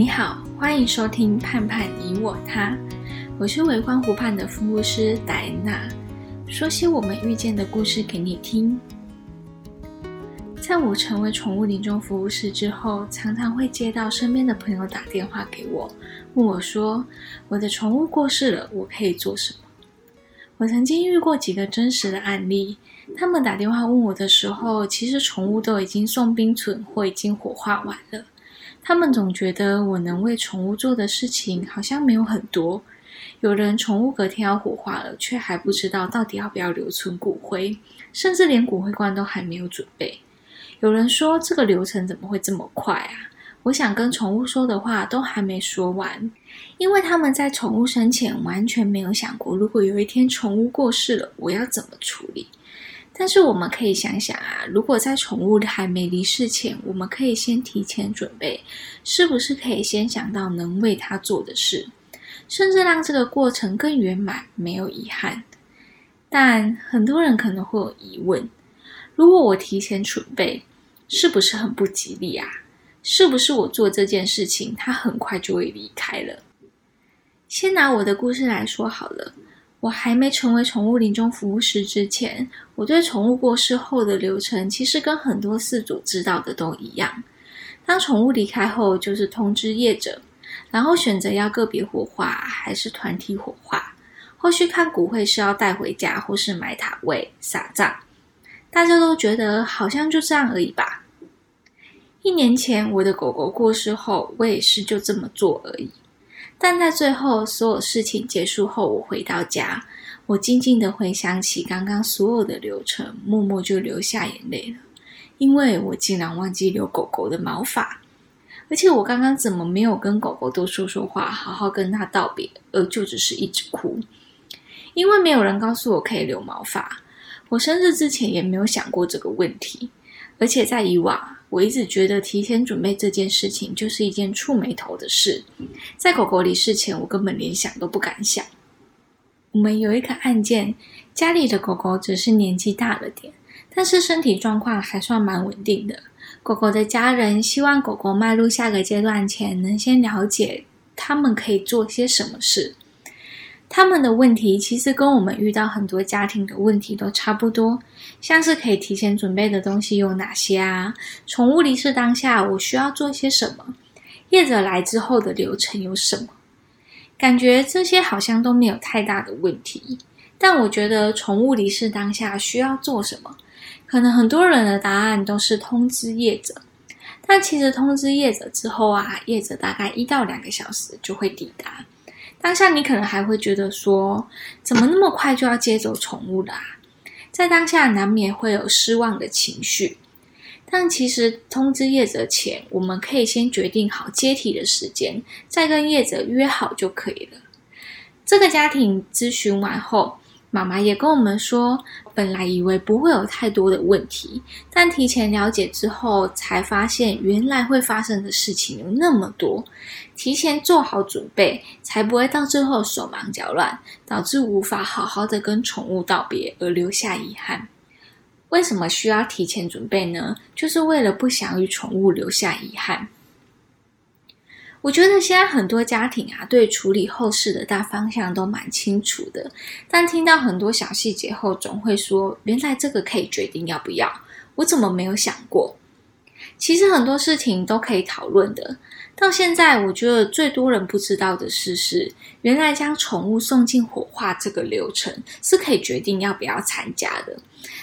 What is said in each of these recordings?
你好，歡迎收聽《盼盼你我他》，我是微光湖盼的服務師戴娜，說些我們遇見的故事給你聽。在我成為寵物臨終服務師之後，常常會接到身邊的朋友打電話給我，問我說，我的寵物過世了，我可以做什麼？我曾經遇過幾個真實的案例，他們打電話問我的時候，其實寵物都已經送冰存或已經火化完了。他們總覺得我能為寵物做的事情好像沒有很多。有人寵物隔天要火化了，卻還不知道到底要不要留存骨灰，甚至連骨灰罐都還沒有準備。有人說這個流程怎麼會這麼快啊？我想跟寵物說的話都還沒說完，因為他們在寵物生前完全沒有想過，如果有一天寵物過世了，我要怎麼處理。但是我們可以想想啊，如果在寵物還沒離世前，我們可以先提前準備，是不是可以先想到能為他做的事，甚至讓這個過程更圓滿，沒有遺憾。但很多人可能會有疑問，如果我提前準備，是不是很不吉利啊？是不是我做這件事情，他很快就會離開了？先拿我的故事來說好了。我還沒成為寵物臨終服務師之前，我對寵物過世後的流程，其實跟很多飼主知道的都一樣。當寵物離開後，就是通知業者，然後選擇要個別火化還是團體火化，後續看骨灰是要帶回家或是埋塔位撒葬。大家都覺得好像就這樣而已吧。一年前我的狗狗過世後，我也是就這麼做而已。但在最後，所有事情結束後，我回到家，我靜靜的回想起剛剛所有的流程，默默就流下眼淚了，因為我竟然忘記留狗狗的毛髮，而且我剛剛怎麼沒有跟狗狗多說說話，好好跟他道別，而就只是一直哭，因為沒有人告訴我可以留毛髮，我生日之前也沒有想過這個問題。而且在以往，我一直覺得提前準備這件事情就是一件觸霉頭的事。在狗狗離世前，我根本連想都不敢想。我們有一個案件，家裡的狗狗只是年紀大了點，但是身體狀況還算蠻穩定的。狗狗的家人希望狗狗邁入下個階段前，能先了解他們可以做些什麼事。他們的問題其實跟我們遇到很多家庭的問題都差不多，像是可以提前準備的東西有哪些啊？寵物離世當下我需要做些什麼？業者來之後的流程有什麼？感覺這些好像都沒有太大的問題。但我覺得寵物離世當下需要做什麼？可能很多人的答案都是通知業者，但其實通知業者之後啊，業者大概一到兩個小時就會抵達。當下你可能還會覺得說，怎麼那麼快就要接走寵物啦啊？在當下難免會有失望的情緒，但其實通知業者前，我們可以先決定好接體的時間，再跟業者約好就可以了。這個家庭諮詢完後，媽媽也跟我們說，本來以為不會有太多的問題，但提前了解之後，才發現原來會發生的事情有那麼多。提前做好準備，才不會到最後手忙腳亂，導致無法好好的跟寵物道別而留下遺憾。為什麼需要提前準備呢？就是為了不想與寵物留下遺憾。我覺得現在很多家庭啊，對處理後事的大方向都蠻清楚的，但聽到很多小細節後，總會說：“原來這個可以決定要不要，我怎麼沒有想過？”其實很多事情都可以討論的。到現在，我覺得最多人不知道的事是，原來將寵物送進火化這個流程是可以決定要不要參加的。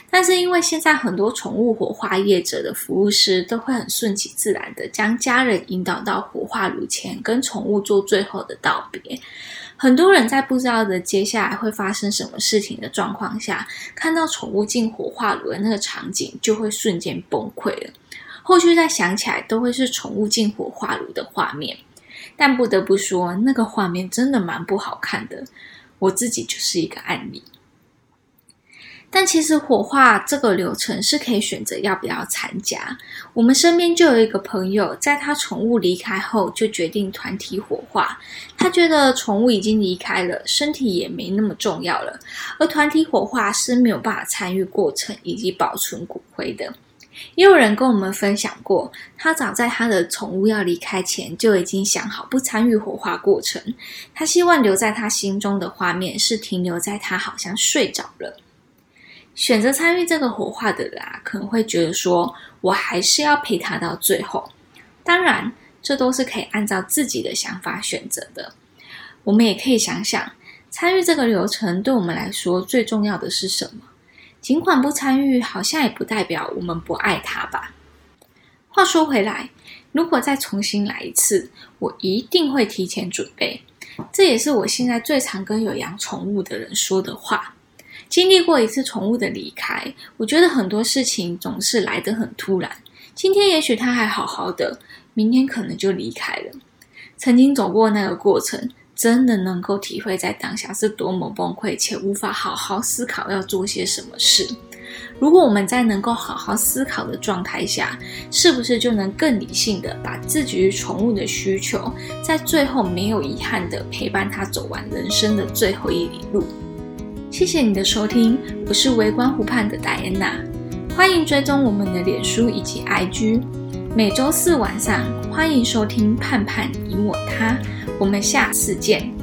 但是因為現在很多寵物火化業者的服務師都會很順其自然的將家人引導到火化爐前，跟寵物做最後的道別。很多人在不知道的接下來會發生什麼事情的狀況下，看到寵物進火化爐的那個場景，就會瞬間崩潰了。後續再想起來，都會是寵物進火化爐的畫面，但不得不說，那個畫面真的蠻不好看的。我自己就是一個案例。但其實火化這個流程是可以選擇要不要參加。我們身邊就有一個朋友，在他寵物離開後，就決定團體火化。他覺得寵物已經離開了，身體也沒那麼重要了，而團體火化是沒有辦法參與過程以及保存骨灰的。也有人跟我們分享過，他早在他的寵物要離開前就已經想好不參與火化過程。他希望留在他心中的畫面是停留在他好像睡着了。選擇參與這個火化的人啊，可能會覺得說，我還是要陪他到最後。當然，這都是可以按照自己的想法選擇的。我們也可以想想，參與這個流程對我們來說最重要的是什麼？儘管不參與，好像也不代表我們不愛他吧。話說回來，如果再重新來一次，我一定會提前準備。這也是我現在最常跟有養寵物的人說的話。經歷過一次寵物的離開，我覺得很多事情總是來得很突然。今天也許他還好好的，明天可能就離開了。曾經走過那個過程。真的能夠體會在當下是多麼崩潰，且無法好好思考要做些什麼事。如果我們在能夠好好思考的狀態下，是不是就能更理性的把自己與寵物的需求，在最後沒有遺憾的陪伴他走完人生的最後一里路？謝謝你的收聽，我是微光湖盼的戴安娜，歡迎追蹤我們的臉書以及 IG。每周四晚上，歡迎收聽《盼盼你我他》。我們下次見。